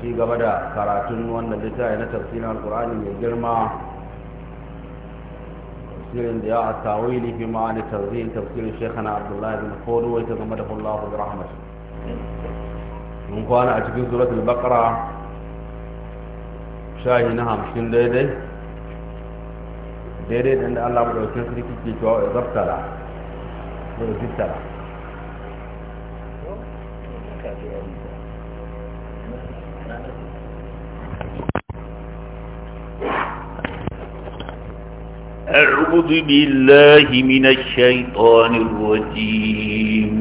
ci gaba da karatun wannan littafi na tafsirin alkur'ani mai girma tafsirin da ya a tawili fi ma'ani tafsirin tafsirin shekhana abdullahi bin fodo wai ta zama da fullahu da rahmat mun kwana a cikin suratul baqara shahi na hamsin daidai daidai da Allah mu dauke sarki ke cewa ya zaftara ya zaftara أعوذ بالله من الشيطان الرجيم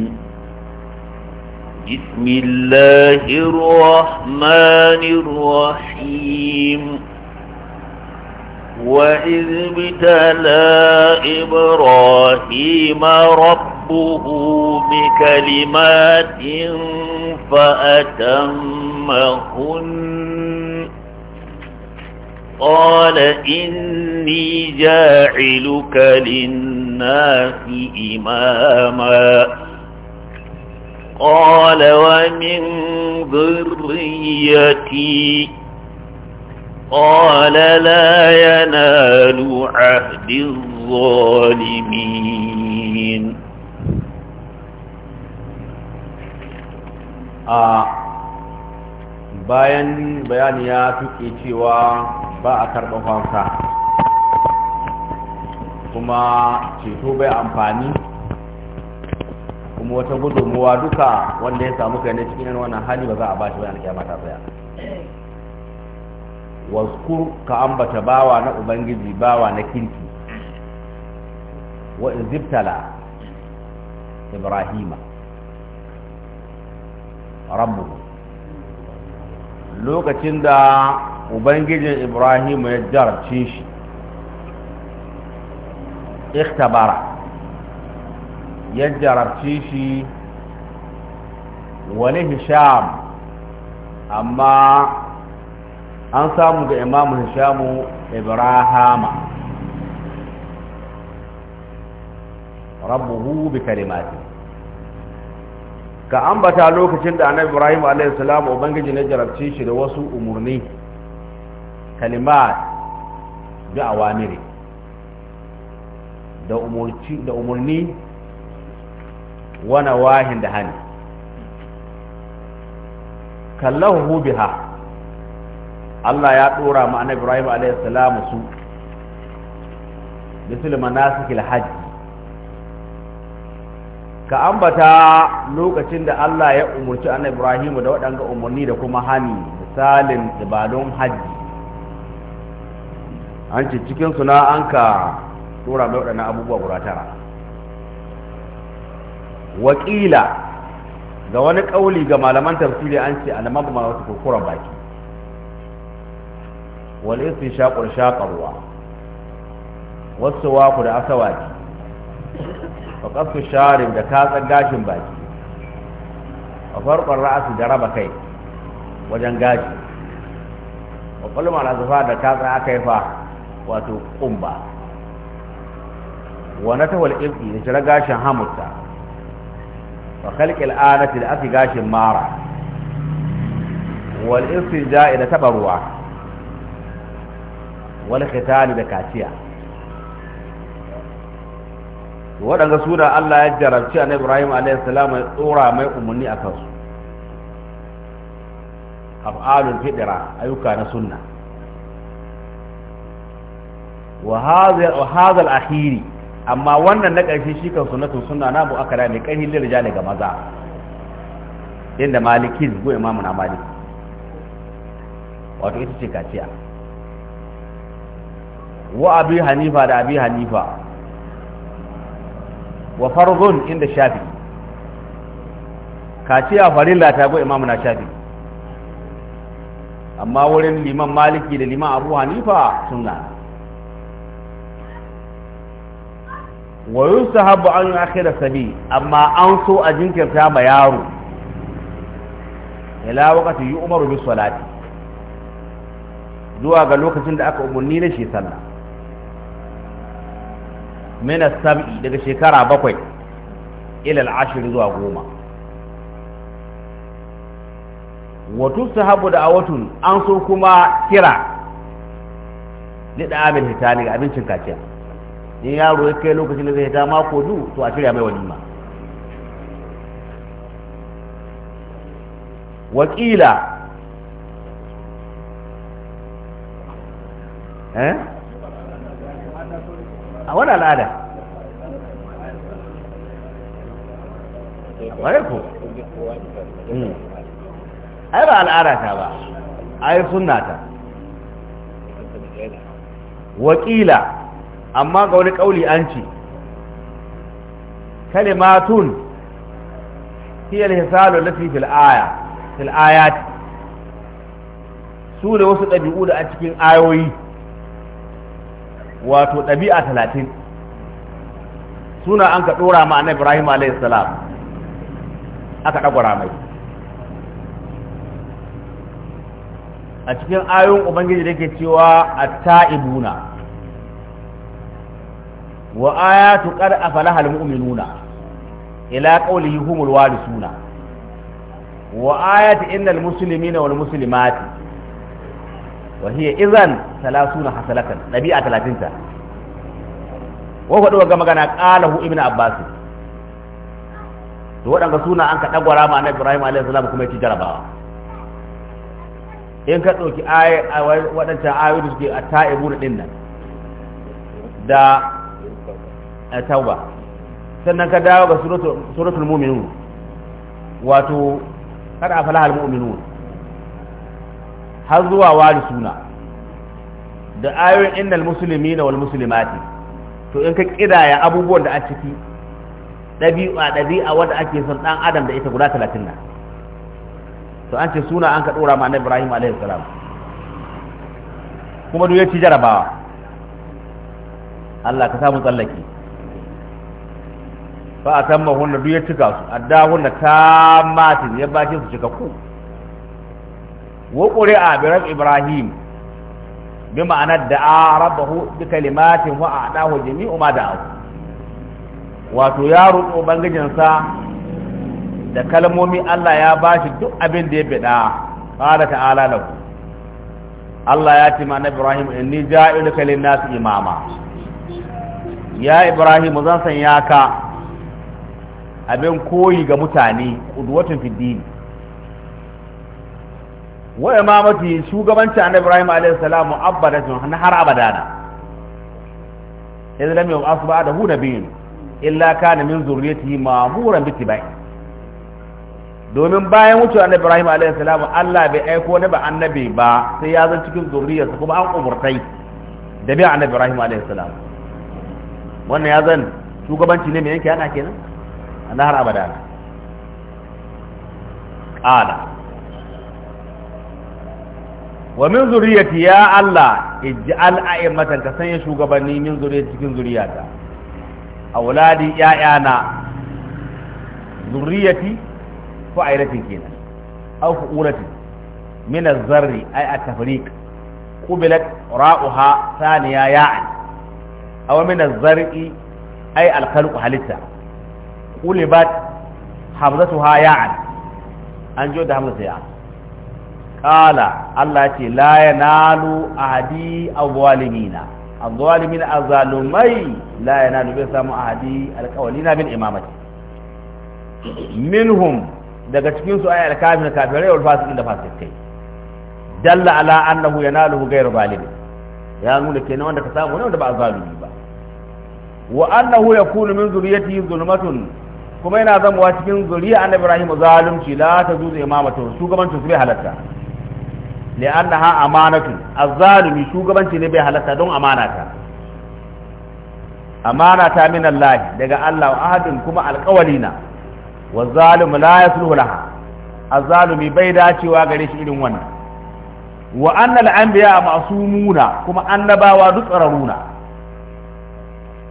بسم الله الرحمن الرحيم وإذ ابتلى إبراهيم ربه بكلمات فأتمهن قال إني جاعلك للناس إماما قال ومن ذريتي قال لا ينال عهد الظالمين آه bayan bayani ya tuke cewa ba a karɓar fansa kuma ceto bai amfani kuma wata gudunmuwa duka wanda ya samu kai na cikin yan wannan hali ba za a bashi bayan kiyama ta tsaya waskur ka ambata bawa na ubangiji bawa na kirki wa izibtala ibrahima rabbu lokacin da ubangijin ibrahim ya jarabce shi ikhtabara ya jarabce shi wani hisham amma an samu ga imamu hishamu ibrahama rabbuhu bi kalimati ka ambata lokacin da annabi ibrahim alaihi salam ubangiji ne jarabce shi da wasu umurni kalimat bi awamiri da umurci da umurni wana wahin da hani kallahu biha Allah ya dora ma annabi Ibrahim alaihi salamu su bisul manasikil hajji ka ambata lokacin da Allah ya umurci annabi Ibrahim da waɗanga umarni da kuma hani misalin ibadun hajji an ce cikin suna an ka tura mai waɗannan abubuwa guda tara wakila ga wani ƙauli ga malaman tafsiri an ce alamar ba wata kurkuren baki wani isti shaƙur shaƙarwa wasu waku da asawaki a ƙasu sharin da katsar gashin baki a farkon ra'asu da raba kai wajen gashi a ƙulmar azufa da katsar aka yi fa wato kumba wa natawal ibdi da shira gashin hamutta wa khalqil anati da aka gashin mara wal Jai da tabarwa wal khitan da kaciya waɗanda suna Allah ya jarabci a Ibrahim a.s. mai tsora mai umarni a kansu af'alun fiɗira ayyuka na sunna wa hadha al-akhiri amma wannan na karshe shi kan sunnatu sunna na mu akara mai ƙarfi da rijali ga maza inda maliki go imamu na maliki wato ita ce kaciya wa abi hanifa da abi hanifa wa farzun inda shafi kaciya farilla ta go imamu na shafi amma wurin liman maliki da liman abu hanifa sunna wa yusahabu an akhira sabi amma an so a jinkirta ma yaro ila waqati yu'maru bis salati zuwa ga lokacin da aka umurni na shi sallah min as-sab'i daga shekara bakwai ila al-ashr zuwa goma wa tusahabu awatun an so kuma kira li da'amil hitani abincin kaciya in yaro ya kai lokacin da zai ta mako du to a shirya mai walima wakila eh a wani al'ada wane ko hmm. ai ba al'ada ta ba ai sunna ta wakila amma ga wani kauli an ce kalimatun hiya al-hisalu lati fil aya fil ayat su da wasu ɗabi'u da a cikin ayoyi wato ɗabi'a talatin suna an ka ɗora ma annabi ibrahim alayhi salam aka ɗagwara mai a cikin ayoyin ubangiji da ke cewa a ta'ibuna wa ayatu qad afalaha almu'minuna ila qawlihi humul warisuna wa ayatu innal muslimina wal muslimati wa hiya idhan 30 hasalatan dabi'a 30 ta wa huwa ga magana qalahu ibnu abbas to wadanga suna an ka dagwara ma annabi ibrahim alaihi salam kuma yake jarabawa in ka ɗauki waɗancan ayoyi da suke a ta'ibu da ɗin nan da tauba sannan ka dawo ga suratul mu'minun wato a aflaha mu'minun har zuwa wali suna da ayoyin innal muslimina wal muslimati to in ka kidaya abubuwan da a ciki ɗabi'a ɗabi'a wanda ake son ɗan adam da ita guda talatin na to an ce suna an ka ɗora ma na ibrahim a.s. salam kuma duk ya ci jarabawa Allah ka samu tsallake fa san hunna duk ya cika su adda hunna matin ya bace su cika ku wa qur'a bi rabi ibrahim bi ma'anar da da'a rabbahu bi kalimatin wa a'dahu jami'u ma da'a wato ya roƙo bangijinsa da kalmomi Allah ya bashi duk abin da ya bida qala ta'ala lahu Allah ya ce ma na Ibrahim inni ja'iluka lin-nasi imama ya Ibrahim zan sanya ka abin koyi ga mutane qudwatun fiddini din wa imamati shugabanci annabi Ibrahim alaihi salam mu'abbadatun har abadana idan lam da hu nabiyyun illa kana min zurriyatihi ma'muran bi tibai domin bayan mutuwa annabi Ibrahim alaihi salam Allah bai aiko ne ba annabi ba sai ya zan cikin zurriyarsa kuma an umurtai da bi annabi Ibrahim alaihi salam wannan ya zan shugabanci ne mai yanke yana kenan na har abada na ƙala wa min zuriyati ya Allah ij'al a'immatan ka sanya shugabanni min zuriyati cikin zuriyata auladi ya'yana zuriyati ko airatin kenan aw fu'ulatin min az-zarri ay at-tafriq qubilat ra'uha thaniya ya'an aw min az-zar'i ay al-khalqu halitta qulibat hamzatuha ya'an an jo da hamza ya'an qala Allah ce la yanalu ahadi الظالمين لا ينال بسام أهدي القولين بالإمامة منهم daga cikin su ayal a kafirai wal fasiqin da fasikai dalla ala annahu yanaluhu ghayru zalim ya nuna kenan wanda ka samu ne wanda ba zalimi ba wa annahu yakunu min zuriyatihi zulmatun kuma yana zamuwa cikin zuriya annabi ibrahim zalunci la tajuzu imamatu shugabancin su bai halatta li'annaha amanatu az shugabanci ne bai halatta don amanata amanata min Allah daga Allah wa ahadin kuma alqawalina wa zalim la yasluhu laha az bai dacewa gare shi irin wannan wa anna al-anbiya ma'sumuna kuma annabawa duk tsararuna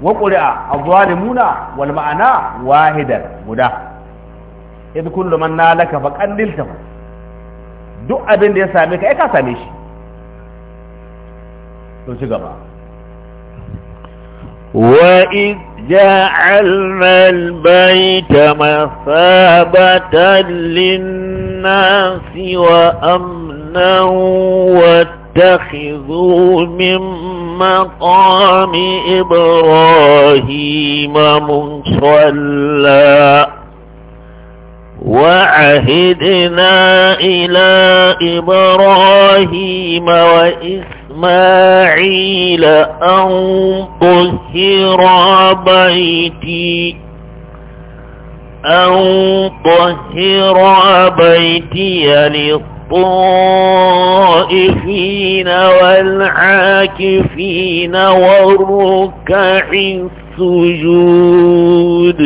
wa qur'a adh-dhalimuna wal ma'ana wahidan guda idh kullu man nalaka fa qalliltahu duk abin da ya same ka ai ka same shi to ci gaba Wa وإذ جعلنا البيت nasi wa وأمنا وت اتخذوا من مقام إبراهيم مصلى وعهدنا إلى إبراهيم وإسماعيل أن طهر بيتي أن طهر بيتي للطهر والطائفين والعاكفين والركع السجود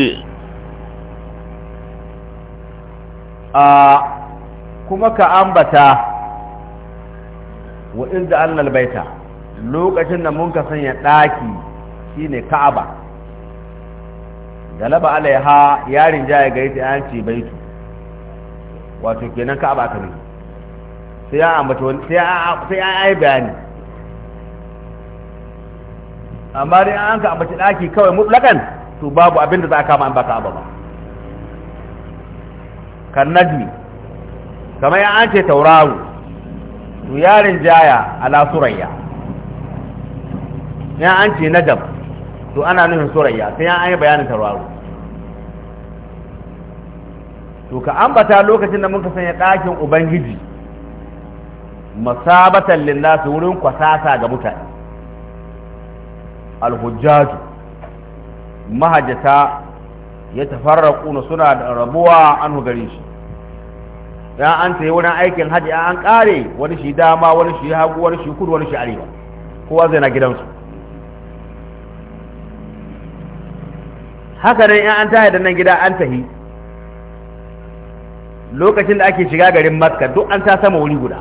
kuma ka ambata wa inda annal baita lokacin da mun ka sanya ɗaki shine ka'aba galaba alaiha yarin jaya gari ta yanci baitu wato kenan ka'aba ka nufi sai ya ambata wani sai ya sai ya yi bayani amma dai an ka ambaci daki kawai mutlakan to babu abin da za a kama an baka ababa kan najmi kamar ya an ce tauraro to yarin jaya ala surayya ya an ce najab to ana nufin surayya sai ya an yi bayanin to ka ambata lokacin da muka sanya ɗakin ubangiji masabatan linnasi wurin kwasasa ga mutane alhujjaju mahajjata ya tafarraku suna da rabuwa an gare shi ya an tayi wurin aikin haji an kare wani shi dama wani shi hagu wani shi kudu wani shi arewa kowa zai na gidansu haka nan in an ta da nan gida an tahi lokacin da ake shiga garin makka duk an ta sama wuri guda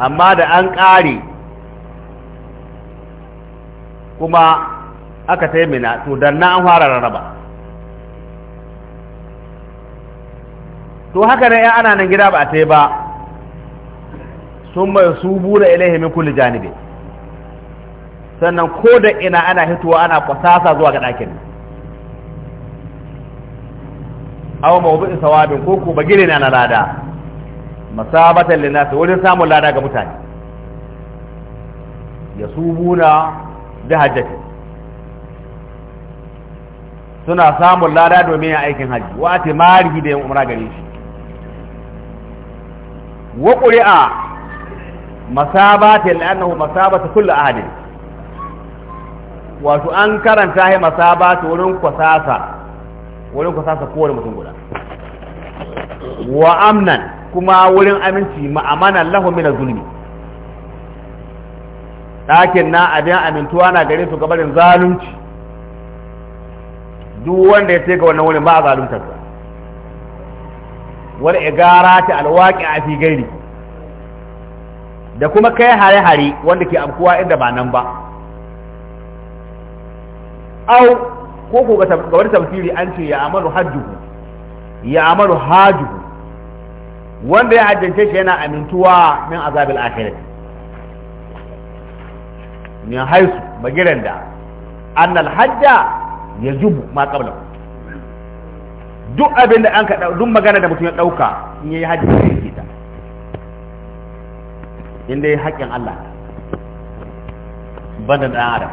amma da an ƙare kuma aka taimina to don na an fara rarraba to haka ne ana nan gida ba a ta ba sun mai su bura ilaihi min kulli janibi sannan ko da ina ana hitowa ana kwasasa zuwa ga ɗakin awon mawubi sawabin ko ko gini na lada masabatan linnas wurin samun lada ga mutane ya yasubuna da hajjati suna samun lada domin yin aikin hajji wa timarihi da yin umra gare shi wa qur'a masabatan lannahu masabatu kulli ahadin wato an karanta ya masaba ta wurin kwasasa wurin kwasasa kowane mutum guda wa amnan kuma wurin aminci ma'amana lahu min zulmi ɗakin na abin amintuwa na gare su gabarin zalunci duk wanda ya ce ga wannan wurin ba a zaluntar sa igara ta alwaqi a fi gairi da kuma kai hare-hare wanda ke amkuwa inda ba nan ba au ko ko ga tafsiri an ce ya amalu hajjuhu ya amalu hajjuhu wanda ya hajjance shi yana amintuwa min azabil akhirati min haisu magiran da annal hajja yajubu ma qabla duk abin da an ka duk magana da mutum ya dauka in yayi hajji sai yake ta inda yayi haƙƙin Allah banda dan adam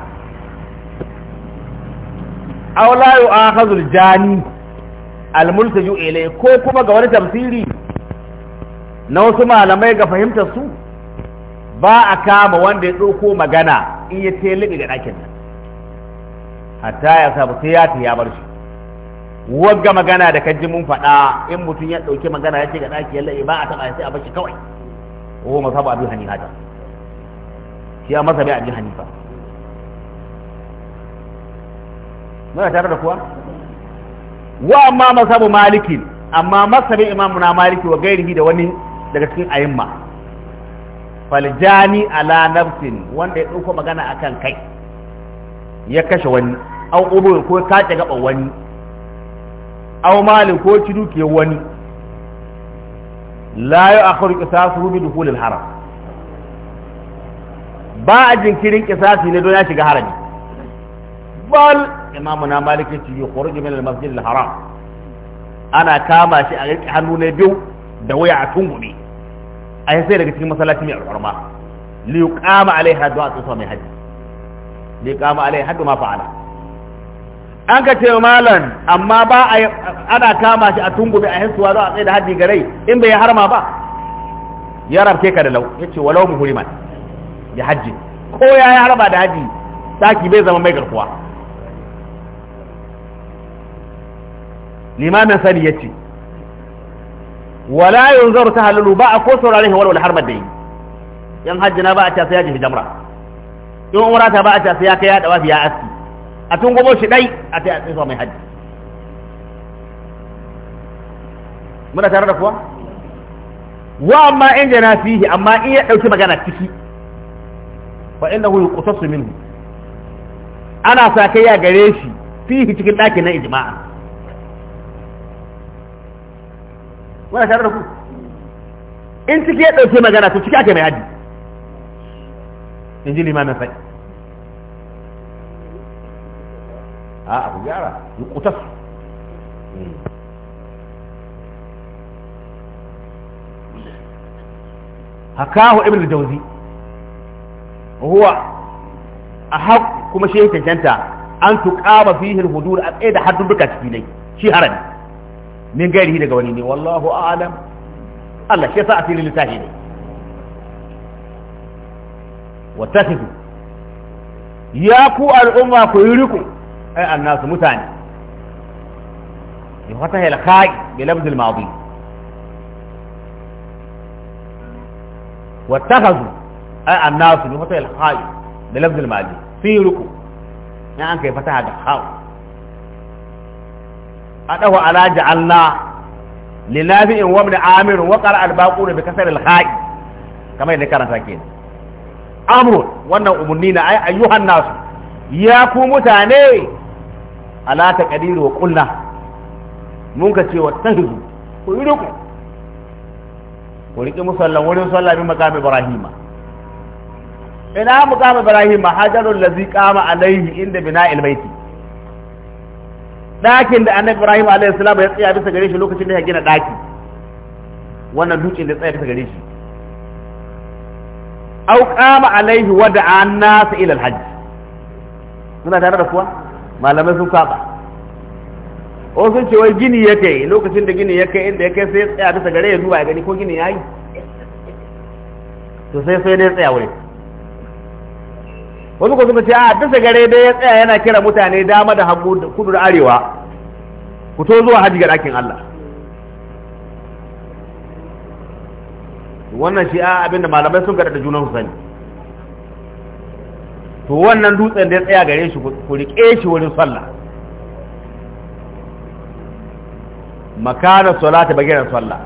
aw la yu'akhadhu al-jani al-multaju ilayhi ko kuma ga wani tafsiri na wasu malamai ga fahimtar su ba a kama wanda ya ɗauko magana in ya ce liɓi ga ɗakin nan hatta ya sabu sai ya ya bar shi wagga magana da kan ji mun faɗa in mutum ya ɗauki magana ya ce ga ɗaki ya ba a taɓa sai a bar shi kawai ko masabu abin hani hada shi a masa bai abin ba muna tare da kuwa wa amma masabu malikin amma masabi imamuna na maliki wa gairihi da wani daga cikin ayimma faljani ala nafsin wanda ya ɗauko magana akan kai ya kashe wani au ubur ko kace gaba wani au malin ko ci duke wani la yu'akhkharu qisasuhu bi dukhul haram ba a jinkirin kisasi ne don ya shiga harami bal imamu na maliki ci yi khuruj min al-masjid al-haram ana kama shi a rike hannu ne biyu da waya a tungume a sai daga cikin masallaci mai alfarma alai alaiha a tsofa mai haji kama alai hadu ma fa'ala an ka ce malan amma ba a ana kama shi a tungume a hisuwa zuwa tsaye da haddi garai in bai harma ba ya rabke ka da lau ya ce walau mu muhriman da haji ko ya yi harba da haji saki bai zama mai garkuwa limamin sani ya ce. wala ta tahallu ba a ko saurare shi walwala har madai yan hajjina ba a ta sai ya ji jamra in umra ta ba a ta sai ya kai ya dawa ya aski a tun gomo shi dai a ta sai so mai hajji muna tare da kuwa wa amma in na fihi amma in ya dauki magana ciki fa innahu yuqtasu minhu ana sa kai ya gare shi fihi cikin dakin na ijma'a muna tare da ku in ciki ya ɗauke magana to ciki ake mai haddi in ji limamin sai a abu gyara yi kutas hakahu ibn jauzi huwa a haku kuma shi cancanta an tuƙama fihin hudur a tsaye da haddun duka ciki ne shi harami min gairihi daga wani ne wallahu a'lam Allah shi yasa asirin littafi ne wattakhidhu ya ku al'umma ku yi riko ai annasu mutane bi fatahi al-kha'i bi lafz al-madi wattakhadhu ai annasu bi fatahi al-kha'i bi lafz al-madi fi riko ya an kai fataha da kha'i adahu ala ja'alna linafi'in wa ibn amir wa qara da baqur bi kasr al-ha'i kamar yadda karanta kenan amru wannan umunni na ay ayyuhan nas ya ku mutane ala taqdiru wa qulna mun ka ce wa tahizu ku yi ruku ku riƙi musallan wurin ina maqam ibrahima hajarul ladzi qama alaihi inda bina'il baiti ɗakin da annabi ibrahim alaihi salam ya tsaya bisa gare shi lokacin da ya gina ɗaki wannan dutsen da tsaya bisa gare shi au qama alaihi wa da an-nas ila al muna tare da kuwa malamai sun saba o sun ce wai gini ya kai lokacin da gini ya kai inda ya kai sai ya tsaya bisa gare ya duba ya gani ko gini yayi to sai sai ne tsaya wurin wasu ko suka ce ah, a bisa gare dai ya tsaya yana kira mutane dama da hagu da kudu da arewa ku to zuwa hajji ga ɗakin Allah wannan shi a ah, abinda malamai sun gada da junan su sani to wannan dutsen da ya tsaya gare shi ku riƙe shi wurin sallah makana salata bagiran sallah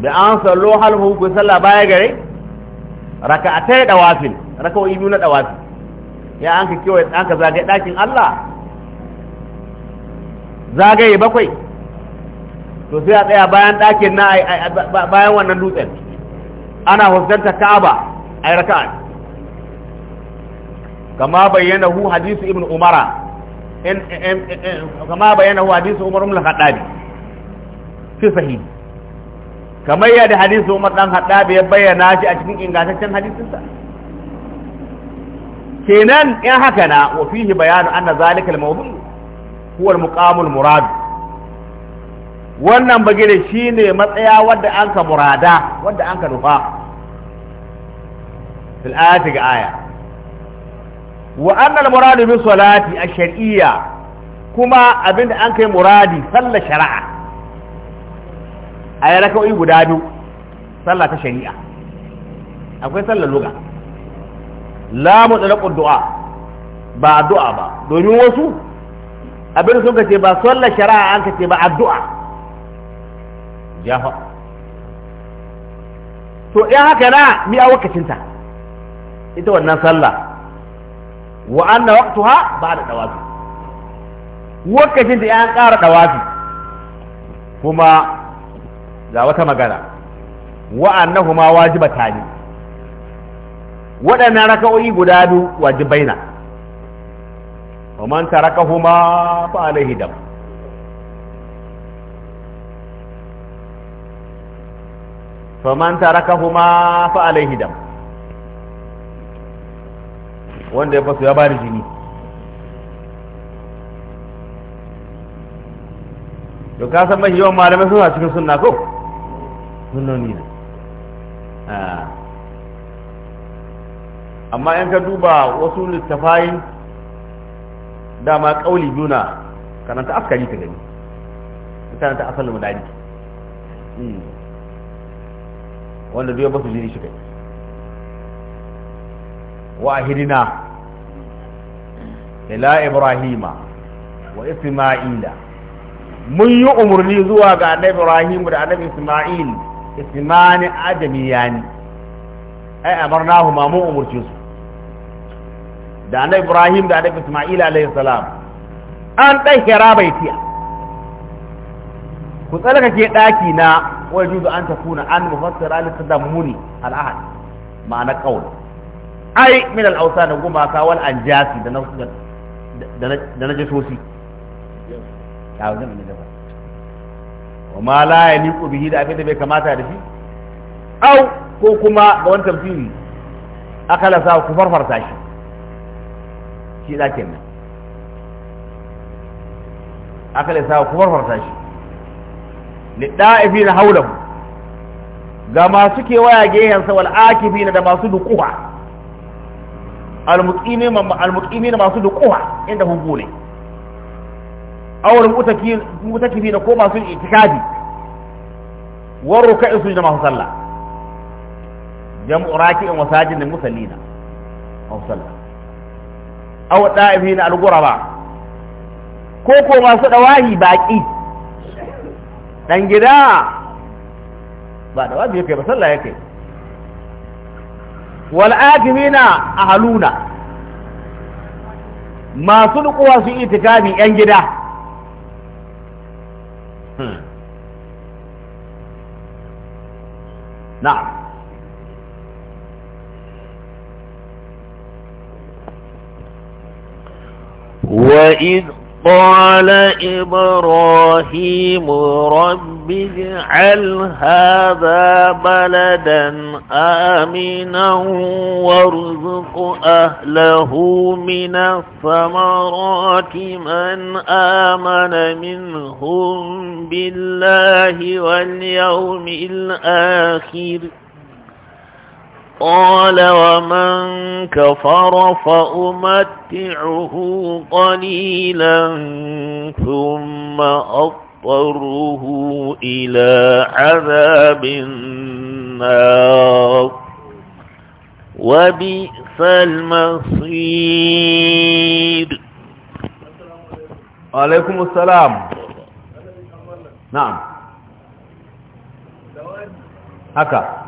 da an sallo halhu ku sallah baya gare dawafin raka wa'i biyu na dawafi ya an ka kewaye an ka zagaye ɗakin Allah zagaye bakwai to sai a tsaya bayan ɗakin na bayan wannan dutsen ana huskantar Ka'aba ay raka'a kama bayyana hu hadisu ibn umara kama bayyana hu hadisu umar ibn al fi sahihi kamar yadda hadisin Umar dan hada ya bayyana shi a cikin ingantaccen hadisinsa kenan in haka na wa fihi bayanu anna zalika al-mawdu huwa al-muqamul murad wannan bagire shine matsaya wadda anka murada wadda anka nufa fil ayati ga aya wa anna al-muradu bi salati ash-shar'iyya kuma abinda an kai muradi sallar shari'a a yi raka'o'i guda biyu sallah ta shari'a akwai sallar luga la raƙon du'a ba du'a ba domin wasu abin sun kace ba sallar shari'a an kace ba addu'a jafa to in haka na mi a wakacinta ita wannan sallah wa anna waqtaha ba'da dawafi wakacinta ya an ƙara dawafi kuma ga wata magana wa'annahuma annahuma wajibatani waɗannan raka'o'i guda biyu wajibai na wa man tarakahuma fa alaihi dam fa man tarakahuma fa alaihi dam wanda ya fasu ya bari jini to kasan san mashi yawan malamai suna cikin sunna ko sunnoni ne ah. amma in ka duba wasu littafayin dama kauli biyu na karanta askari ta gani karanta asalin madari hmm. wanda duk ba su jini shi kai wa ahidina ila ibrahima wa isma'ila mun yi umarni zuwa ga annabi ibrahim da annabi isma'il ismani adamiyani ai amarnahu ma mu umurce su da annabi Ibrahim da annabi Isma'il alayhi an dai hira baitiya ku ke ɗaki na wajudu an takuna an mufassira li tadammuni al ahad ma'ana ƙaun. ai min al awsan gumaka wal anjasi da na da na jasosi ya wajen wa ma la yaliqu bihi da abin da bai kamata da shi au ko kuma ga wani tafsiri akala sa ku farfarta shi shi da kenan akala sa ku farfarta shi li da'ifina hawlahu ga masu ke waya kewaya sa wal na da masu duquha al na masu duquha inda hu ne awar mutakifi na ko masu itikafi ka ruka'i su masu sallah jam'u in wa sajidin musallina aw sallah aw da'ifina al ba ko ko masu dawahi baki dan gida ba da wabi yake ba sallah yake wal a ahluna masu dukuwa su itikafi yan gida Hmm. na'am wa قال إبراهيم رب اجعل هذا بلدا آمنا وارزق أهله من الثمرات من آمن منهم بالله واليوم الآخر قال ومن كفر فأمتعه قليلا ثم أضطره إلى عذاب النار وبئس المصير عليكم السلام نعم هكذا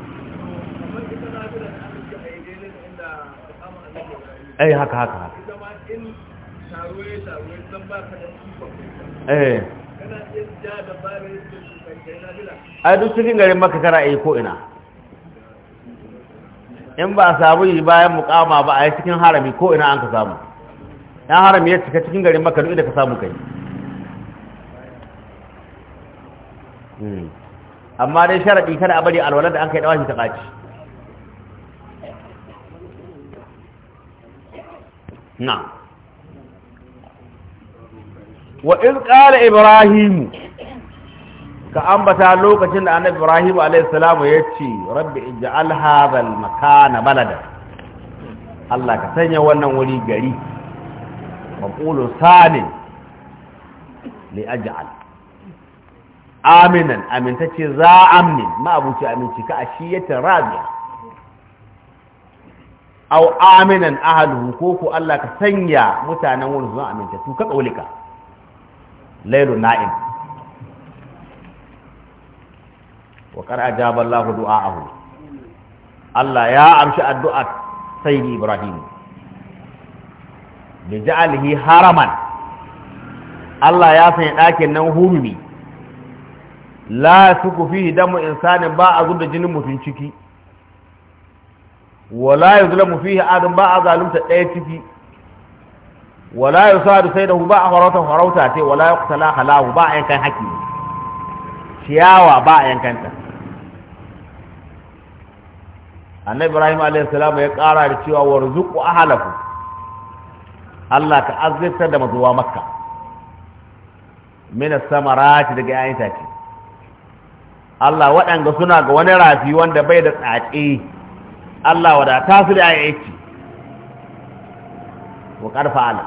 ai eh, haka haka haka eh ai duk cikin garin maka kana yi ko ina in ba a samu yi bayan mukama ba a yi cikin harami ko ina an ka samu yan harami ya cika cikin garin maka duk da ka samu kai hmm. amma dai sharaɗi kada a bari alwalar da an kai ɗawa shi ta ƙaci na wa iz ibrahim ka ambata lokacin da annabi ibrahim alayhi ya yace rabbi ij'al hadha al-makana balada Allah ka sanya wannan wuri gari maqulu sani li aj'al aminan amintacce za amnin ma abuci aminci ka ashiyatan rabi'a au aminan ahaluhu ko ko Allah ka sanya mutanen wurin zuwa aminta to ka kaulika lailu na'im wa qara ajaba Allah du'aahu Allah ya amshi addu'a sayyidi Ibrahim bi ja'alihi haraman Allah ya sanya ɗakin nan hurumi la suku fi damu insani ba a zuba jinin mutunciki. ciki wala yuzlamu fihi adam ba a zalunta ɗaya ciki wala sai da ba a farauta farauta ce wala kusa halahu ba a yankan haƙi ciyawa ba a yankanta annabi ibrahim A.S. ya kara da cewa warzuqu ahlahu Allah ka azirta da mazuwa makka sama samarati daga yayin ce Allah waɗanga suna ga wani rafi wanda bai da tsaƙi Allah ta su da aiki wa ƙarfa ala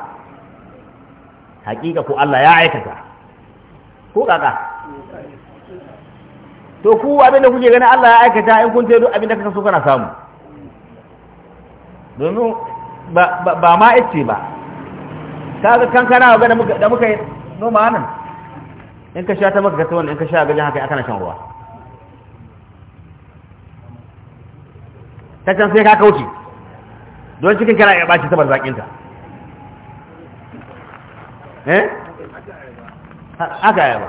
hakika ko Allah ya aikata ko kaka to ku abin da kuke ganin Allah ya aikata in kun taidu abin da kaka so kana samu domin ba ma ce ba kaga kankana ga da muka yi noma nan in ka sha ta maka ka wani in ka sha gajen haka ya kana shan ruwa ta can sai ka kauce don cikin kana ya bashi saboda zakinta eh haka yaba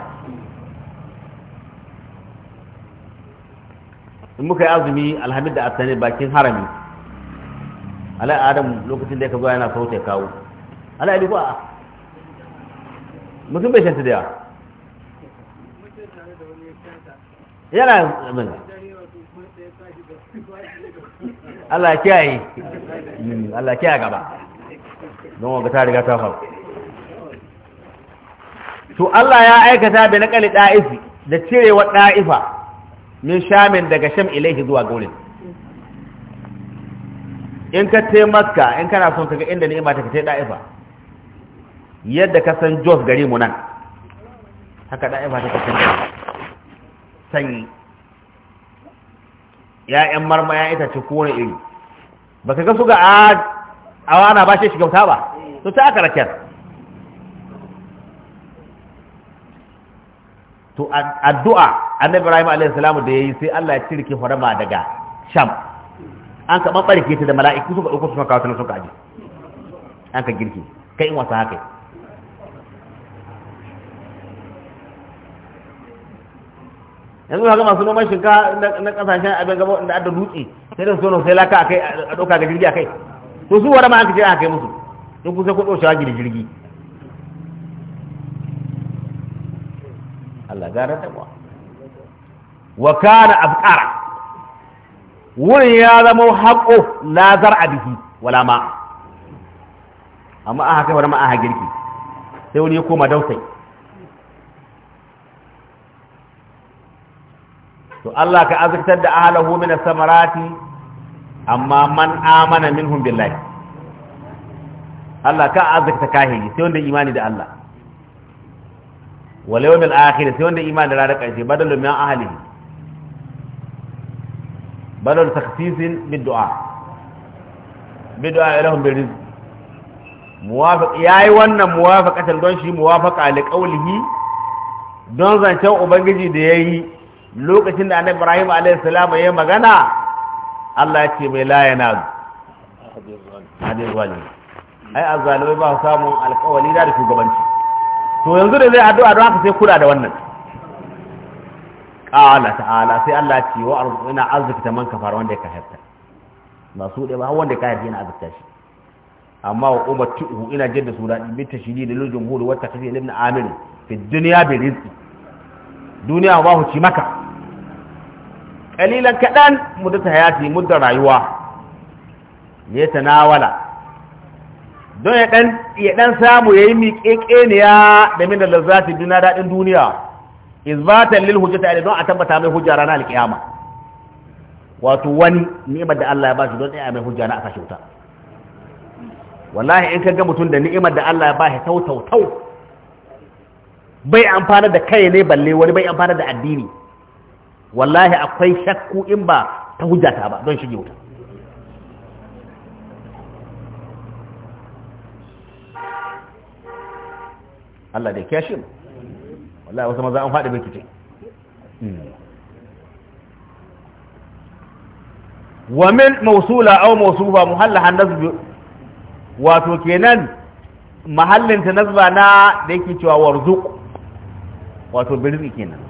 in muka yi azumi alhamid da asani bakin harami ala adam lokacin da ya ka zuwa yana sauta kawo ala ya dubu a mutum bai shanta da yawa yana zanga Allah kiyaye Allah kiyaye gaba don wanga ta riga ta faru to Allah ya aikata bi naqali da'ifi da cirewa da'ifa min shamin daga sham ilaihi zuwa gaurin in ka te makka in kana son ka ga inda ni'ima ta ka da'ifa yadda ka san jos gari mu nan haka da'ifa ta ka sanyi ya'yan marma ya ce kowane iri ba ka gasu su ga awa ana ba shi wuta ba su ta aka rakiyar to addu'a annabi ibrahim alaihi salamu da yayi sai Allah ya ci rike horama daga sham an ka babbarke ta da mala'iku suka dauko suka kawo ta suka aje an ka girki kai in wasa haka yanzu ga masu noman shinkafa na kasashen abin gaba da adda dutse sai da sono sai laka akai a dauka ga jirgi akai to su wara ma aka ce aka kai musu in kusa ku dauka gidi jirgi Allah gara ta kwa wa kana afqara wurin ya zama haƙo la a bihi wala ma amma aka haka wani ma aka girki sai wani ya koma dausai to Allah ka azurtar da ahlahu min samarati amma man amana minhum billahi Allah ka azurta kahiri sai wanda imani da Allah wal yawmil akhir sai wanda imani da ranar karshe badalu min ahlihi badalu takhsisin bid du'a bid du'a ilahum bil rizq muwafaq yayi wannan muwafaqatan don shi muwafaqa li qawlihi don zancen ubangiji da yayi lokacin da annabi Ibrahim alaihi salam ya magana Allah ya ce mai la na hadin wali ai azzalimai ba samun alƙawari da shugabanci to yanzu da zai addu'a don haka sai kula da wannan qala ta'ala sai Allah ce wa arzuna arzikta man fara wanda ya kafirta ba su da ba wanda ya kafirta yana arzikta shi amma wa ummatuhu ina da su da bi tashidi da lil jumhur wata takfir ibn amir fi dunya bi rizqi duniya ba ku ci maka kalilan kadan muddatu hayati mudda rayuwa ya tanawala don ya ɗan ya ɗan samu yayi miƙeƙeniya da min da lazzati duna daɗin duniya izbatan lil hujjati don a tabbata mai hujja ranar alƙiyama. wato wani ni'imar da Allah ya ba shi don ɗaya mai hujja na aka kyauta wallahi in ka ga mutum da ni'imar da Allah ya ba shi tau bai amfana da kai ne balle wani bai amfana da addini wallahi akwai shakku in ba ta hujjata ba don shige wuta Allah da kashi shi wallahi wasu maza an faɗi bai kice hmm. wa min mausula aw mausufa muhallahan nasb wato kenan mahallin ta nazba na da yake cewa warzuq wato birni kenan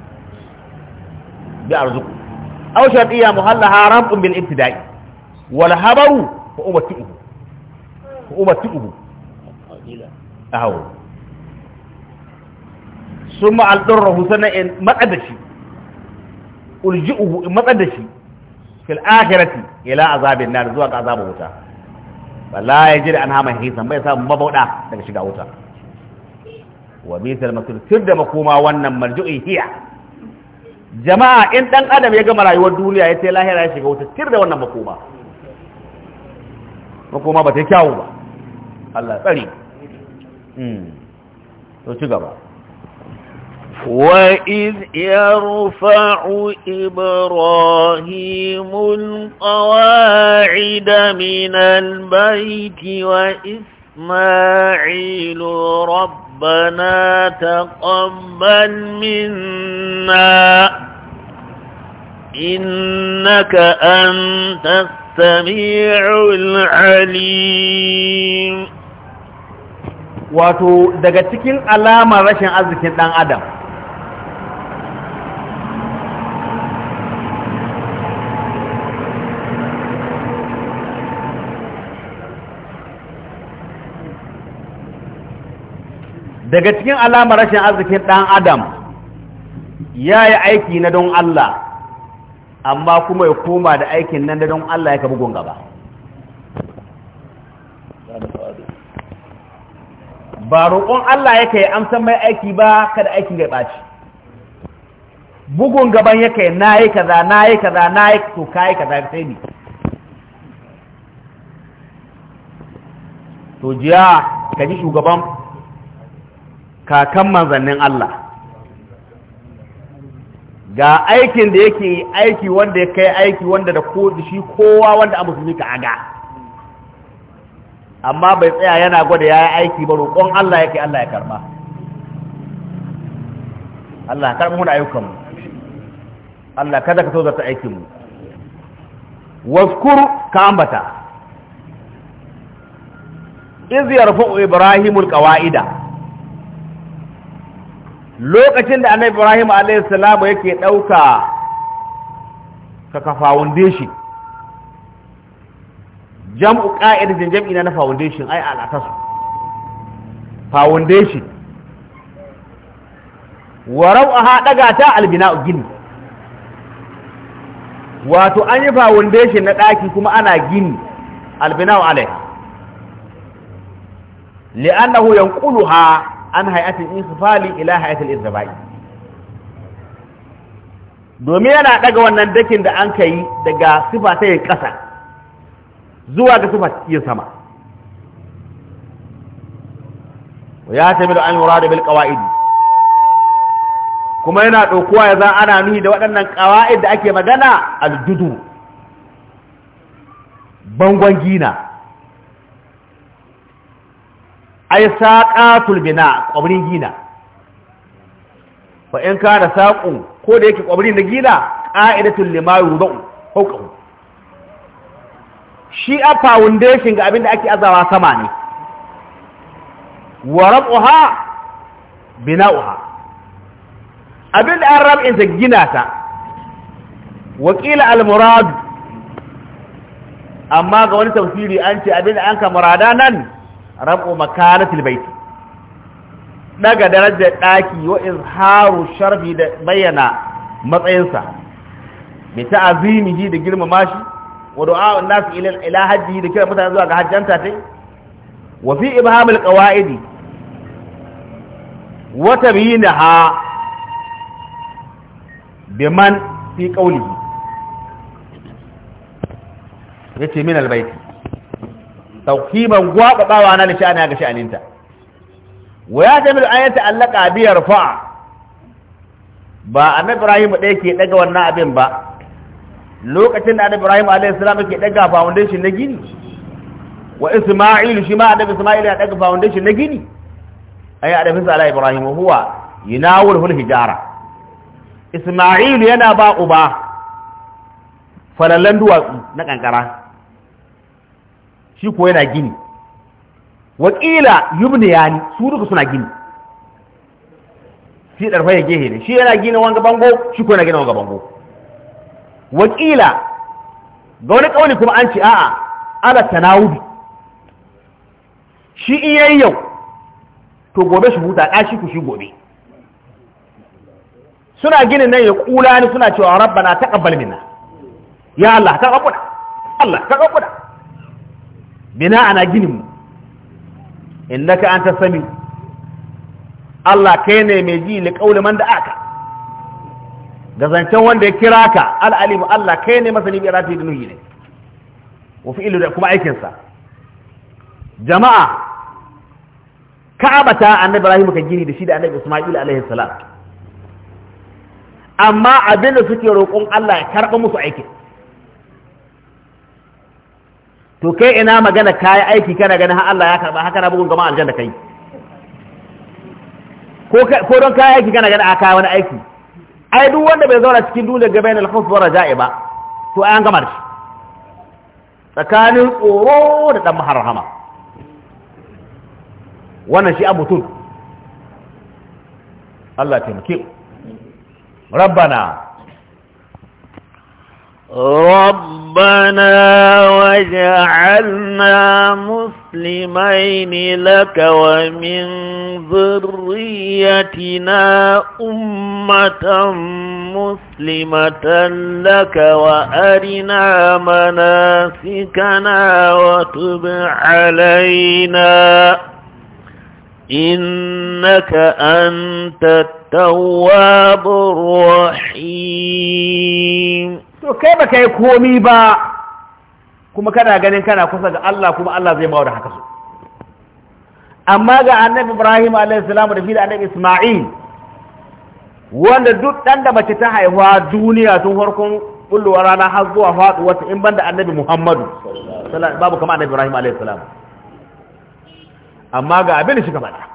bi arzuku aw shartiyya muhallaha rabbun bil ibtida'i wal habaru fa ubatuhu fa ubatuhu aw summa al-durru sanna in matsadashi urji'uhu in matsadashi fil akhirati ila azabin nar zuwa ga azabin wuta wala yajri an hama hisan bai samun mabauda daga shiga wuta wa misal makoma wannan marju'i jama'a in dan adam ya gama rayuwar duniya ya ce lahira ya shiga wuta tir da wannan makoma makoma ba ta kyawu ba Allah tsari hmm. to ci gaba وَإِذْ يَرْفَعُ إِبْرَاهِيمُ الْقَوَاعِدَ مِنَ الْبَيْتِ وَإِسْمَاعِيلُ رَبِّ ربنا تقبل منا إنك أنت السميع العليم wato daga cikin alamar rashin arzikin ɗan adam daga cikin alamar rashin arzikin ɗan adam ya yi aiki na don Allah amma kuma ya koma da aikin nan da don Allah ya kabi gaba ba roƙon Allah ya kai amsan mai aiki ba kada aikin ya ɓaci bugun gaban ya kai na yi kaza na yi kaza na yi to ka yi kaza sai ni to jiya ka ji shugaban kakan manzannin Allah ga aikin da yake aiki wanda ya kai aiki wanda da shi kowa wanda abu musulmi ka aga amma bai tsaya yana gwada ya yi aiki ba roƙon Allah yake Allah ya karba Allah ya karɓi muna ayyukanmu Allah kada ka sauzata aikinmu waskur ka ambata iz yarfa'u ibrahimul qawa'ida lokacin da annabi ibrahim alaihissalam yake ɗauka ka foundation jam'u ƙa'idatin jam'i na foundation ai su foundation warau a haɗaga ta albina gini wato an yi foundation na ɗaki kuma ana gini albina alaiha li'annahu yanquluha an hayatin isfali ila hayatul irzabai domin yana daga wannan dakin da an kai daga sifa ta yin kasa zuwa ga sifa yin sama ya tabi an yura da bil kuma yana ɗaukuwa ya zan ana nuhi da waɗannan qawaid da ake magana aljudu bangon gina ai saqatul bina kwabrin gina fa in kana saqu ko da yake kwabrin da gina qa'idatul lima yudau fawqahu shi a foundation ga abin da ake azawa sama ne wa rab'uha bina'uha abin da an rab'in ta gina ta wakila al amma ga wani tafsiri an ce abin da an ka murada nan rabu makanatul baiti daga darajar daki wa izharu sharfi da bayyana matsayinsa bi ta'azimihi da girmama shi wa du'a nas ila ila hajji da kira mutane zuwa ga hajjanta tai wa fi ibhamil qawaidi wa tabyinaha biman fi qawlihi yace min al taukiban gwaɓaɓawa na lishani ga sha'aninta wa ya tabi mil ayata allaka biyar yarfa ba an ibrahim da ke daga wannan abin ba lokacin da an ibrahim alaihi salam ke daga foundation na gini wa isma'il shi ma da isma'il ya daga foundation na gini ay fi sala ibrahim huwa yunawul hul hijara isma'il yana ba uba falalan duwa na kankara shi ko yana gini wakila yubni ni su duka suna gini shi ɗarfa ya gehe ne shi yana gina wanga bango shi ko yana gina wanga bango wakila ga wani ƙauni kuma an ce a'a ala tanawubi shi in yayi yau to gobe shi huta ɗashi ku shi gobe suna ginin nan ya kula ni suna cewa rabbana ƙabbal minna ya Allah ka kabuda Allah ka kabuda bina ana ginin mu innaka anta sami Allah kai ne mai ji li qauli man da aka ga zancen wanda ya kira ka al'alim Allah kai ne masani bi rafi dunuhi ne wa ilu da kuma aikin sa jama'a ta annabi Ibrahim ka gini da shi da annabi Isma'il alaihi salam amma abinda suke roƙon Allah ya karɓa musu aikin to kai ina magana kayi aiki kana ganin har Allah ya karba haka na bugun gama aljanna kai ko ko don kayi aiki kana ganin a kayi wani aiki ai duk wanda bai zauna cikin dole ga bainal khuf wa raja'i ba to an gama shi tsakanin tsoro da dan maharhama wannan shi abutun Allah taimake mu rabbana ربنا واجعلنا مسلمين لك ومن ذريتنا أمة مسلمة لك وأرنا مناسكنا وتب علينا إنك أنت التواب الرحيم so kai ba yi komi ba kuma kana ganin kana kusa ga Allah kuma Allah zai mawa da haka su amma ga annabi Ibrahim alaihi da shi da annabi Isma'il wanda duk dan da mace ta haihuwa duniya tun farkon kullowar rana har zuwa faduwa in banda annabi Muhammadu babu kama annabi Ibrahim alaihi salam amma ga abin da shi ka faɗa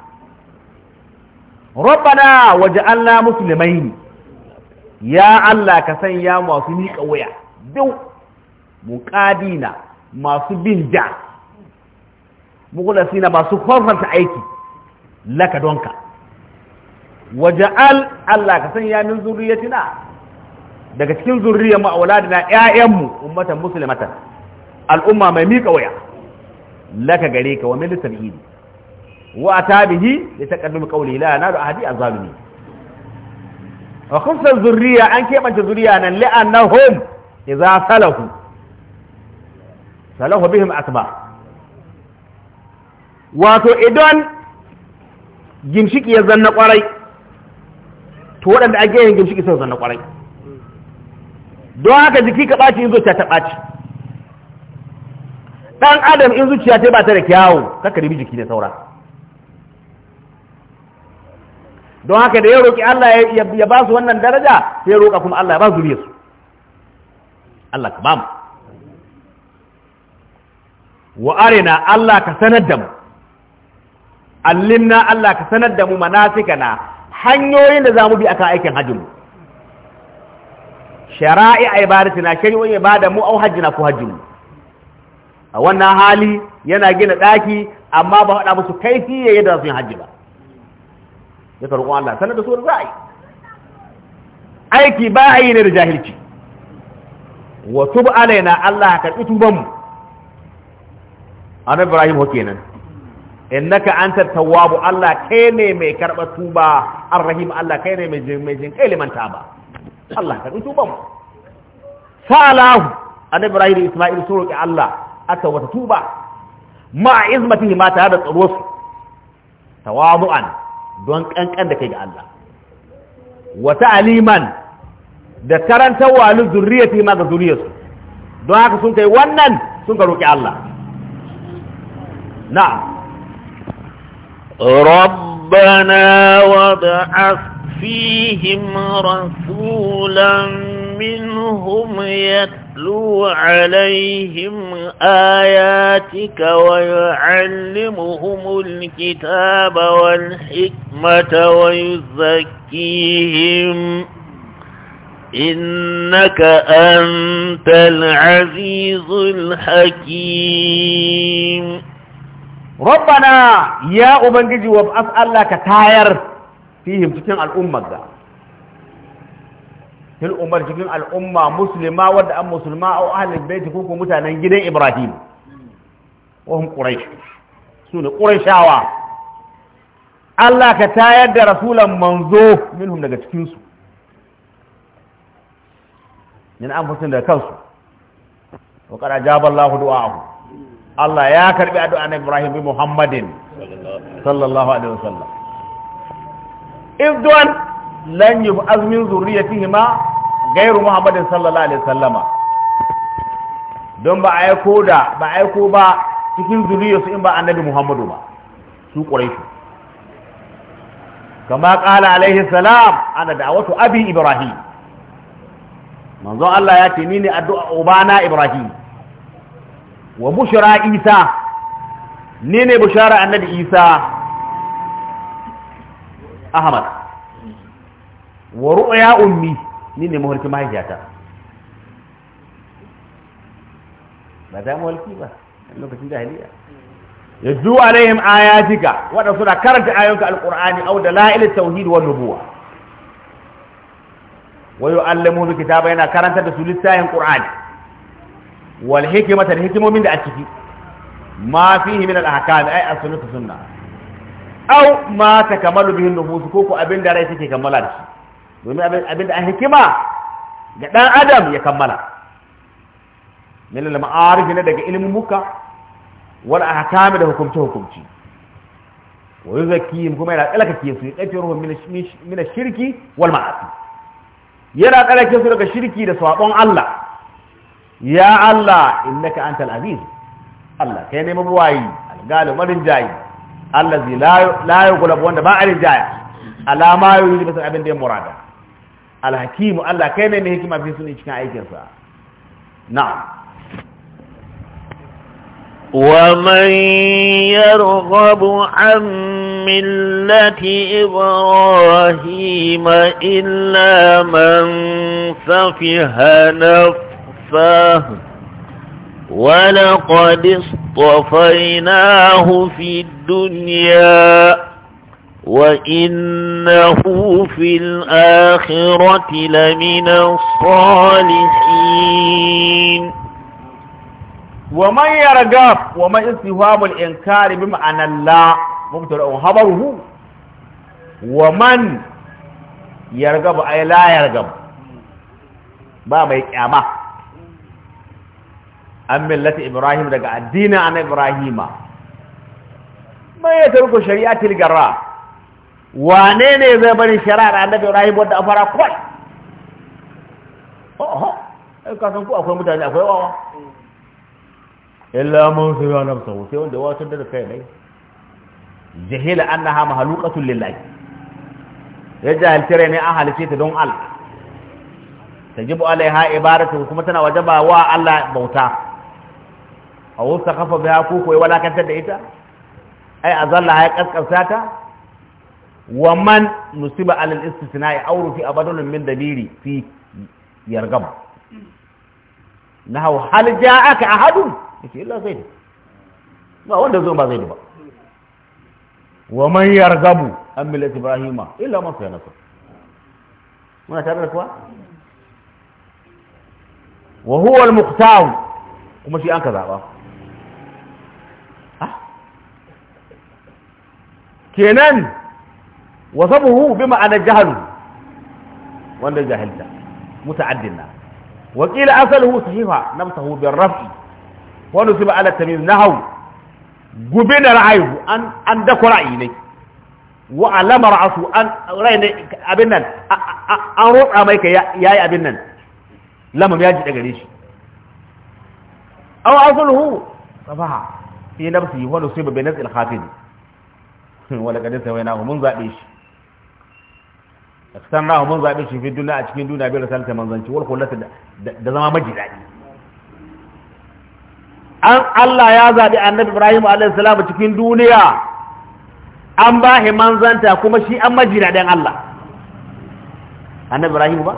ربنا وجعلنا مسلمين ya Allah ka sanya masu miƙa waya duk muƙadina masu bin da mukulasina masu farfanta aiki laka donka waja'al Allah ka sanya min zuriyatina daga cikin zuriyar mu auladina ƴaƴanmu ummatan muslimatan al'umma mai miƙa waya laka gare ka wa min iri wa atabihi li taqaddum qawli la da ahadi azalimi wa khumsa zurriya an keɓanta zuriya nan li'annahum idza salahu salahu bihim akbar wato idan ginshiki ya zanna kwarai to waɗanda ake yin ginshiki sun zanna kwarai don haka jiki ka ɓaci in zuciya ta ɓaci ɗan adam in zuciya ta ba ta da kyawu kakaribi jiki da saura don haka da ya roƙi Allah ya ba su wannan daraja sai ya roƙa kuma Allah ya ba su zuriyarsu Allah ka ba mu wa arina Allah ka sanar da mu allimna Allah ka sanar da mu manasikana hanyoyin da za mu bi akan aikin hajji mu shara'i ibadatina shari'o'i ibada mu au hajjina ko hajji mu a wannan hali yana gina daki amma ba faɗa musu kaifi yayin da za su yi hajji ba ya farko Allah sanar da su da aiki ba yi ne da jahilci wa tub alaina Allah ka karbi tuban mu annabi Ibrahim ho kenan innaka anta tawwabu Allah kai ne mai karba tuba arrahim Allah kai ne mai mai jin kai liman taba Allah ka karbi tuban mu salahu annabi Ibrahim da Isma'il su roki Allah aka wata tuba ma izmatihi ma tare da tsaro su tawadu'an don ƙanƙan da kai ga Allah wata aliman da karantarwa lu zurriyati ma ga zuriyarsu don haka sun kai wannan sun ka roki Allah na'am ربنا وابعث فيهم رسولا منهم يتلو عليهم آياتك ويعلمهم الكتاب والحكمة ويزكيهم إنك أنت العزيز الحكيم ربنا يا أبنجي وابعث الله كتاير fihim cikin al'ummar da fil umar cikin al'umma musulma wadda an musulma a ahalin baiti ko mutanen gidan ibrahim wahum quraish su ne qurayshawa Allah ka tayar da rasulan manzo minhum daga cikinsu, su an anfusin daga kansu wa qad ajaba Allahu du'aahu Allah ya karbi addu'a na Ibrahim bi Muhammadin sallallahu alaihi wasallam izduwan lan yi azmin zuriyatihima gairu muhammadin sallallahu alaihi sallama don ba a aiko da ba a aiko ba cikin zuriyarsu in ba annabi muhammadu ba su quraishu kama qala alaihi salam ana da'watu abi ibrahim manzo Allah ya ce ni ne addu'a ubana ibrahim wa bushra isa ni ne bushara annabi isa ahmad wa ru'ya ummi ni ne mawarki mahaifiyata ba ta mawarki ba lokacin jahiliya yaddu alaihim ayatika wadda suna karanta ayyuka ayoyinka alqur'ani da dalail tauhid wa nubuwa wa yu'allimu kitaba yana karanta da su littafin qur'ani wal hikmata da hikimomin da a ciki ma fihi min al ahkam ay as-sunnah aw ma takamalu bihin nufus ko ku abin da rai take kammala da shi domin abin da an hikima ga ɗan adam ya kammala min al ma'arif ne daga ilmin muka wal hakami da hukumce hukumci wa yuzakkihim kuma yana tsalkake su ya tsafe ruhun min shirki wal ma'asi yana tsalkake su daga shirki da sabon Allah ya Allah innaka antal aziz Allah kai ne mabuwayi algalu marin jayi allazi la yughlab wanda ba a rijaya alama yuri bisa abin da ya murada alhakimu Allah kai ne mai hikima fi ne cikin aikinsa na'am ومن يرغب عن ملة إبراهيم إلا من سفه نفسه ولقد اصطفيناه في الدنيا وإنه في الآخرة لمن الصالحين ومن يرغب ومن استهام الإنكار بمعنى الله مبتدأ خبره ومن يرغب أي لا يرغب ما ما an millata ibrahim daga addinin an ibrahima mai ya tarko shari'atil tilgara wane ne zai bari shari'ar annabi ibrahim wadda a fara kwai oho ai ka san ku akwai mutane akwai wawa illa man sai ya nafsa sai wanda ya wato da kai ne jahila hama halukatun lillahi ya jahiltare ne an halice ta don Allah tajibu alaiha ibadatu kuma tana wajaba wa Allah bauta hausa kafa kafa biya ko koyi walakantar da ita ai azalla hay ya kaskasa ta wa man musiba al istisna'i awru fi abadun min dabiri fi yargam nahu hal ja'aka ahadun yace illa zaid ba wanda zo ba zaid ba wa man yargabu am millat ibrahima illa ma man sayana muna tare da kuwa wa huwa al-muqtaw kuma shi an ka zaba kenan wasabuhu bi ma'ana jahalu wanda jahilta muta'addin na wa qila asaluhu sahiha namsahu bil raf'i wa nusiba ala tamim nahaw gubina ra'ayhu an an da ra'ayi ne wa alama ra'su an ra'ayi abin nan an rotsa mai ka yayi abin nan lamam ya ji daga gare shi aw asaluhu sabaha fi nafsihi wa nusiba bi nafsil khafidi wala kadin sai wainahu mun zaɓe shi A sanna mun zaɓe shi fi duniya a cikin duniya bi rasulta manzanci wal kullata da zama maji dadi an Allah ya zaɓi annabi Ibrahim alaihi salam cikin duniya an ba shi manzanta kuma shi an maji dadin Allah annabi Ibrahim ba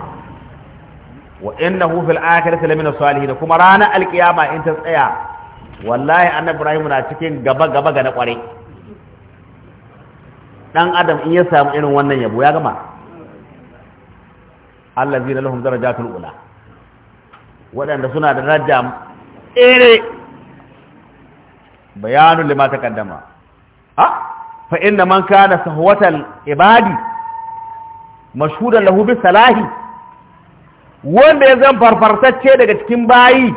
wa innahu fil akhirati lamina salihin kuma ranar alkiyama in ta tsaya wallahi annabi Ibrahim na cikin gaba gaba ga na kwarai dan adam in ya samu irin wannan yabo ya gama Allah zina lahum darajatul ula waɗanda suna da daraja ere bayanun lima taqaddama ha fa inna man kana sahwatal ibadi mashhudan lahu bi salahi wanda ya zan farfartacce daga cikin bayi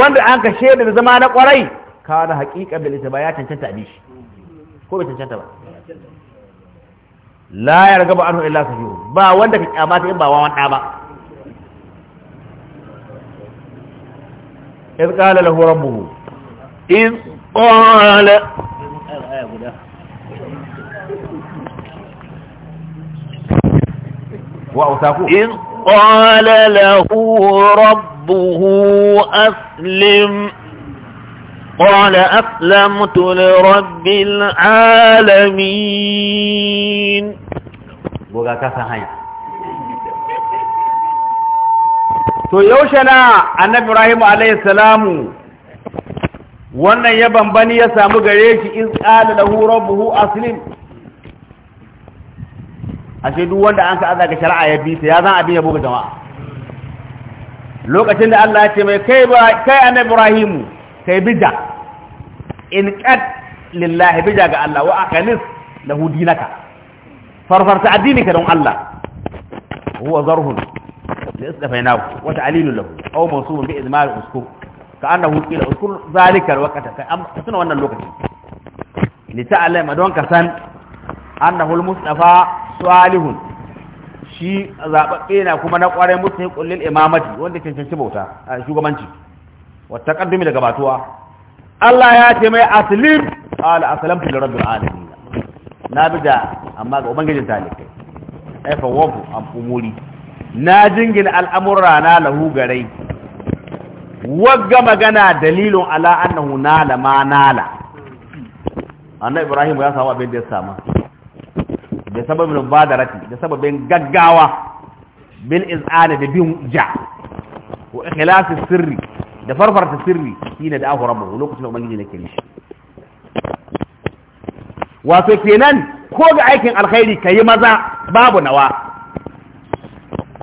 wanda an ka shaida da zama na kwarai kana haqiqa bil itibaya cancanta abishi ko bai cancanta ba la ya raga ba anhu illa safihu ba wanda ka kyamata in ba wawan ɗa ba إذ قال له ربه إذ قال وأوثاقه إذ قال له ربه أسلم قال أسلمت لرب العالمين goga kasan hanya to yaushe na annabi ibrahim alayhi salamu wannan ya bambani ya samu gare shi in tsada qala lahu rabbuhu aslim ashe duk wanda an ka aza ga shari'a ya bi ya zan abin yabo ga jama'a lokacin da Allah ya ce mai kai ba kai annabi ibrahim kai bija in qad lillahi bija ga Allah wa akhlis lahu dinaka farfarta addinika don Allah huwa zarhun li isdafainahu wa ta'lilun lahu aw mansubun bi izmar uskur ka'annahu qila uskur zalika alwaqta kai am tuna wannan lokaci li ta'lama don ka san annahu almustafa salihun shi zababbe na kuma na kware musu kullil imamati wanda cancanci bauta a shugabanci wata kaddumi da gabatuwa Allah ya ce mai aslim ala aslamtu li rabbil alamin na bi da amma ga ubangijin talikai ai fa wafu am umuri na jingina al'amurra na lahu garai wagga magana dalilun ala annahu nala ma nala annabi ibrahim ya samu abin da ya samu da sababin mubadarati da sababin gaggawa bil iz'ana da bin ja wa ikhlasi sirri da farfarta sirri ne da ahu rabbahu lokacin da ubangiji na kire shi wato kenan ko ga aikin alkhairi ka yi maza babu nawa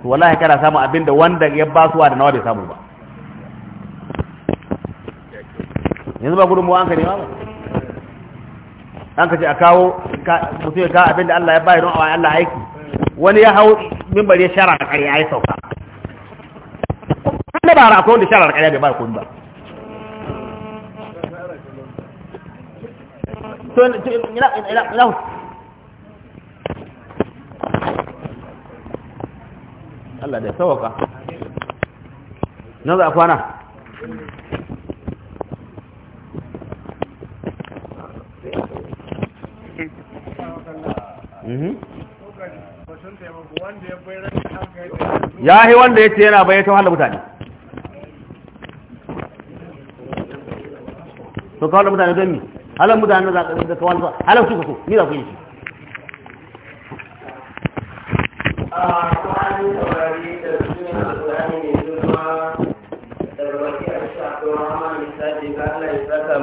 to wallahi kana samu abinda wanda ya basuwa da nawa bai samu ba yanzu ba gudunmu an ka nema ba an ka ce a kawo mutum ya kawo abinda Allah ya bayar don Allah aiki wani ya hau mimbar ya shara a kare ya yi sauka ta bara akwai wanda sharar ƙarya bai ba komi ba Allah da sauka nan za a kwana mhm. ya yi wanda ya ce yana bayyata wahala mutane to kawo da mutane don mi halar mutane na zaɓe da kawal ba halar su kaso ni za ku yi shi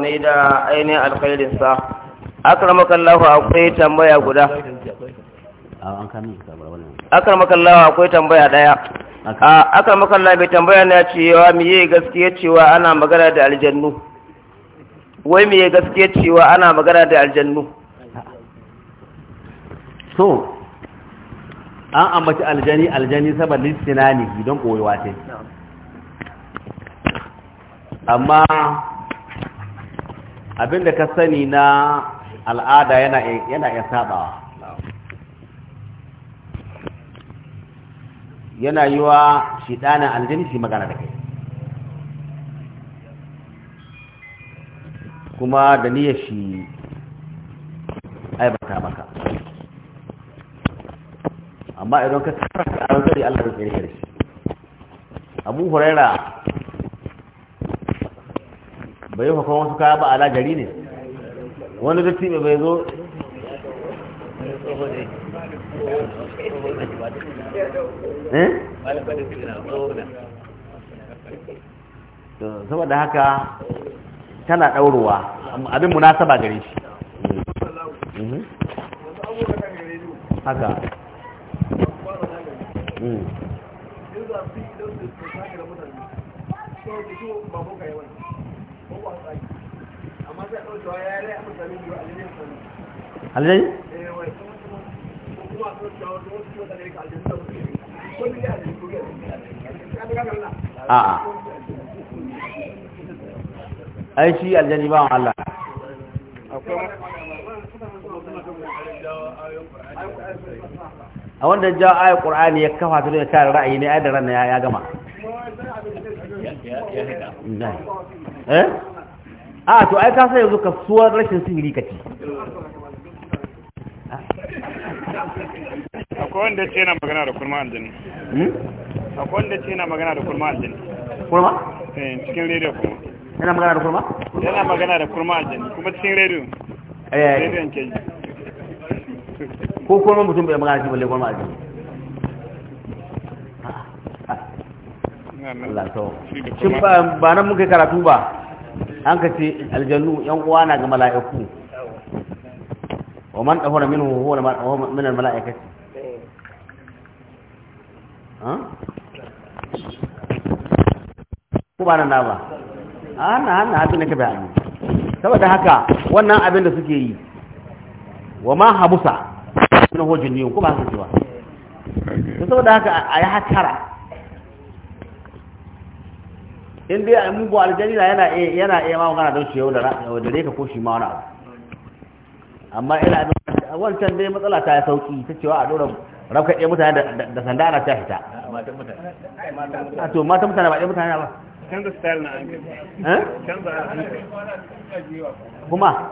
mai da ainihin alkhairinsa akramakallahu akwai tambaya guda akramakallahu akwai tambaya daya akramakallahu mai tambaya na cewa miye gaskiya cewa ana magana da aljannu wai me gaske cewa ana magana da aljannu so an ambaci aljani aljani saboda ne don koyewa ce amma abinda ka sani na al'ada yana yana ya sabawa yana yiwa shi ɗanin aljani shi magana da kai kuma da niyyar shi aibata maka amma idan ka karanta a rantsari Allah da tsere shi abu huraira bai hukun wasu kaya ba ala gari ne wani dutse mai bai zo eh? saboda haka tana ɗaurowa abin munasaba gare shi mhm. haka mhm. a ai shi aljani ba Allah a wanda ja ayat qur'ani ya kafa ta da kare ra'ayi ne ai da ranna ya gama eh ah to ai ka sai yanzu ka suwa rashin sihiri kace akwai wanda ce na magana da kurma aljini hmm? akwai wanda ce na magana da kurma aljini kurma? Eh, cikin rediyo kuma yana magana da kurma? yana magana da kurma jini kuma cikin rediyo eh, eh. rediyon ke ko kurma mutum bai magana cikin balle kurma aljanni shi ba nan muka karatu ba an ka ce aljannu yan uwa na ga mala'iku wa man dahura minhu huwa min al-mala'ikati ko ba nan da ba ana ana abin da ka bayani saboda haka wannan abin da suke yi wa ma habusa na hojin niyon kuma haka cewa saboda haka a yi hatara in dai a mugu aljanila yana yana iya ma magana don shi yau da reka ko koshi ma wani abu amma ina abin wancan dai matsala ta yi sauki ta cewa a dora rafka ɗaya mutane da sanda ana ta fita a to mata mutane ba ɗaya mutane ba canza style na hankali eh? canza kuma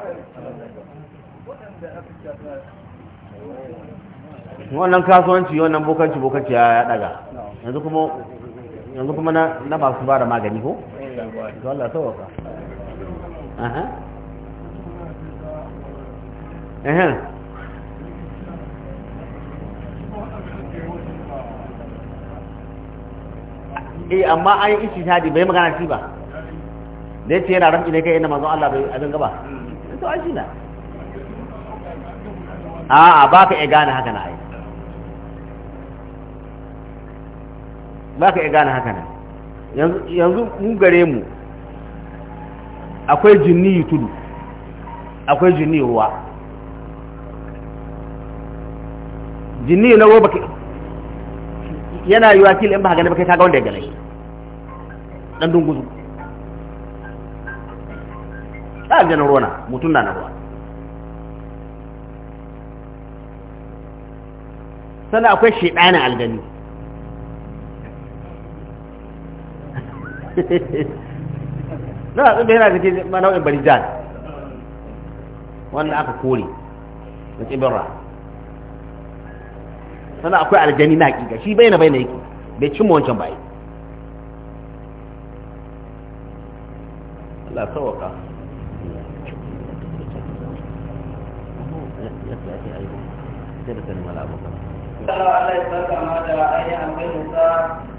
wannan kasuwanci wannan bokanci bokanci ya daga yanzu kuma yanzu kuma na masu ba da magani ko? to Allah sauwaka aha eh amma an yi istihadi bai magana shi ba da yace yana rafi ne kai inda manzon Allah bai abin gaba to an shine a a baka ya gane haka na ai baka ya gane haka na yanzu mu gare mu akwai jinni tudu akwai jinni ruwa jinni na ruwa yana yiwa kila in ba gani ba kai kaga wanda ya gane dan dunguzu ta ga ruwa na mutum na na ruwa sana akwai shaidanin aljani na a tsibirin da ke manau'in barijan wanda aka kore da tsibirin sannan akwai aljani na hakika shi bai na bai na yake bai cin wancan bai Allah sauka Allah ya saka mata ayyukan bai